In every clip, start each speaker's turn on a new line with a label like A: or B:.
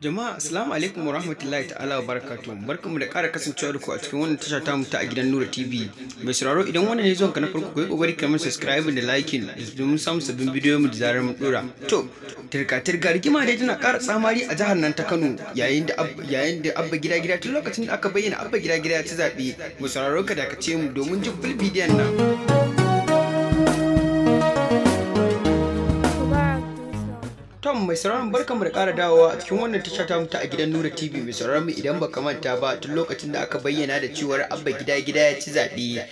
A: Jama'a assalamu alaikum wa rahmatullahi ta'ala wa barakatuh. Barkamu da ƙara kasancewa da ku a cikin wannan tasha mu ta a gidan Nura TV. Mai sauraro idan wannan ne zuwanka na farko kai kokari kamar da subscribe da liking domin samun sabbin bidiyo mu da zarar mu dora. To, tirka tirka rigima dai tana ƙara tsamari a jihar nan ta Kano yayin da yayin da abba gida gida tun lokacin da aka bayyana abba gida gida ta zabe. Mu sauraro ka dakace mu domin jin full bidiyon nan. Tom mai sauraron barkan mu da ƙara dawowa a cikin wannan tasha ta mutu a gidan Nura TV mai sauraron mu idan baka manta ba tun lokacin da aka bayyana da cewar Abba gida gida ya ci zaɓe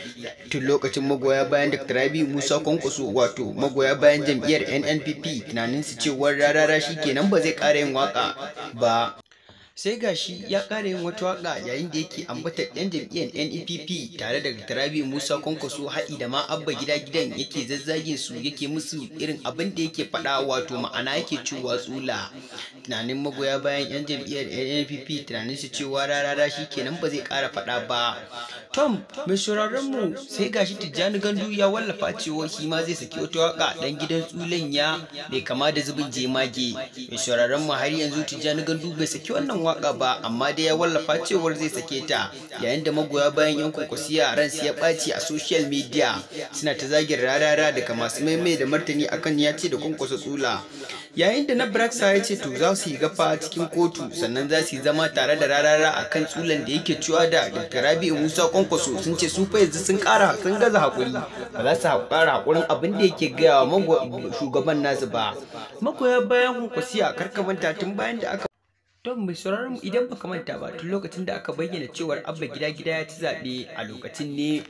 A: tun lokacin magoya bayan Dr. Rabi Musa Kwankwaso wato magoya bayan jam'iyyar NNPP tunanin su cewar rarara shi kenan ba zai ƙara yin waka ba sai gashi ya kare yin wata waka yayin da yake ambatar yan jam'iyyar NEPP tare da Tarabi Musa Kwankwaso haɗi da ma abba gida gidan yake zazzage su yake musu irin abin da yake faɗa wato ma'ana yake cewa tsula tunanin magoya bayan yan jam'iyyar NPP tunanin su cewa rarara shi kenan ba zai kara faɗa ba Tom mai sauraron mu sai gashi Tijjani Gandu ya wallafa cewa shi ma zai saki wata waka dan gidan tsulan ya mai kama da zubin jemage mai sauraron mu har yanzu Tijjani Gandu bai saki wannan waka ba amma dai ya wallafa cewar zai sake ta yayin da magoya bayan yan kwankwasiya ran ya ɓaci a social media suna ta zagin rarara daga masu maimai da martani akan ya ce da kwankwasa tsula yayin da na braxa ya ce to za su yi gafa cikin kotu sannan za su yi zama tare da rarara akan tsulan da yake cewa da dr rabi'u musa kwankwaso sun ce su fa yanzu sun kara sun gaza hakuri ba za su kara hakurin abin da yake gaya wa shugaban nasu ba magoya bayan kwankwasiya karkamanta tun bayan da aka Don mai sauraron mu idan baka manta ba tun lokacin da aka bayyana cewar abba gida gida ya ci zaɓe a lokacin ne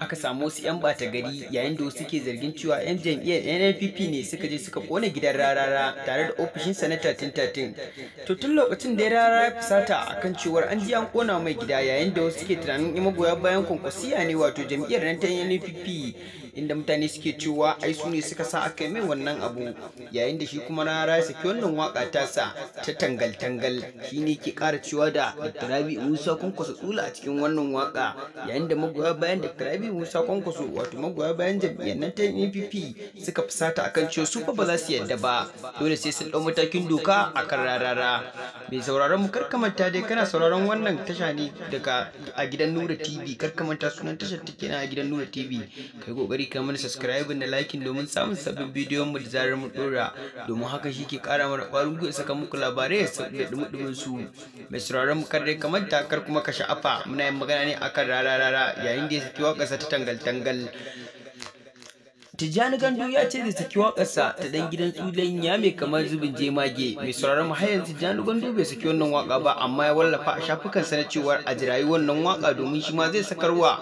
A: aka samu wasu 'yan bata gari yayin da suke zargin cewa 'yan jam'iyyar NNPP ne suka je suka kona gidan rarara tare da ofishin sanata tintatin. To tun lokacin da ya rara ya fusata akan cewar an ji an kona mai gida yayin da wasu suke tunanin magoya bayan kwankwasiya ne wato jam'iyyar nan ta NNPP inda mutane suke cewa ai su ne suka sa aka mai wannan abu yayin da shi kuma rara saki wannan waka ta sa ta tangal tangal shi ne ke kara cewa da Dr. Rabi Musa Kwankwaso tsula a cikin wannan waka yayin da magoya bayan Dr. Rabi Musa Kwankwaso wato magoya bayan jami'an nan ta NPP suka fusata akan cewa su fa ba za su yadda ba dole sai sun ɗau matakin doka akan rarara bai sauraron mu kar dai kana sauraron wannan tasha ne daga a gidan Nura TV kar sunan tashar take na a gidan Nura TV kai kokari kokari ka mana subscribing da liking domin samun sabbin bidiyon mu da zarar mu dora domin haka shi ke kara mana kwarin gwiwa saka muku labarai da dumudumin su mai sauraron mu kare kamar takar kuma ka sha'afa muna yin magana ne akan rararara yayin da ya saki waka ta tangal tangal Tijjani Gandu ya ce da saki wakarsa ta dan gidan tsulen ya mai kamar zubin jemage mai sauraron mu hayan Tijjani Gandu bai saki wannan waka ba amma ya wallafa a shafukan sa na cewar a jirayi wannan waka domin shi ma zai sakarwa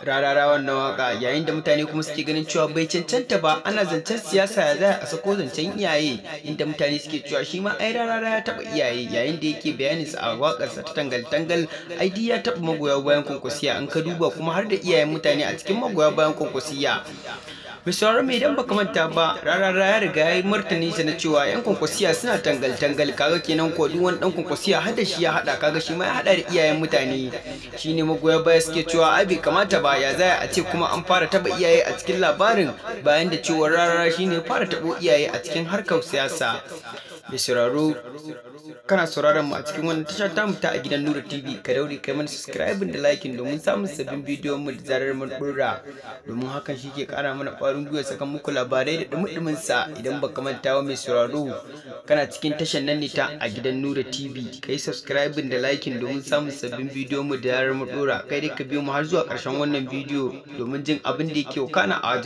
A: rarara wannan waka yayin da mutane kuma suke ganin cewa bai cancanta ba ana zancen siyasa ya za a sako zancen iyaye inda mutane suke cewa shi ma ai rarara ya taba iyaye yayin da yake bayanin sa a wakarsa ta tangal tangal id ya taba magoya bayan kwankwasiya an ka duba kuma har da iyayen mutane a cikin magoya bayan kwankwasiya mai sauraron mai baka manta ba rarara ya riga yayi yi martani na cewa yan kwankwasiya suna tangal-tangal kaga kenan ko duk wani dan kwankwasiya hada shi ya hada kaga shi ma ya hada da iyayen mutane shine magoya baya suke cewa ai bai kamata ba ya zaya a ce kuma an fara taba iyaye a cikin labarin bayan da cewa rarara shine fara tabo iyaye a cikin harkar siyasa mai sauraro kana sauraron mu a cikin wannan tashar tamu ta a gidan Nura TV ka daure kai mana subscribe da liking domin samun sabbin bidiyon mu da zarar mun domin hakan shi ke kara mana ƙwarin gwiwa sakan muku labarai da dumudumin sa idan baka manta wa mai sauraro kana cikin tashar nan ne ta a gidan Nura TV kai subscribe da likin domin samun sabbin bidiyon mu da zarar mun kai dai ka biyo mu har zuwa ƙarshen wannan bidiyo domin jin abin da yake kana a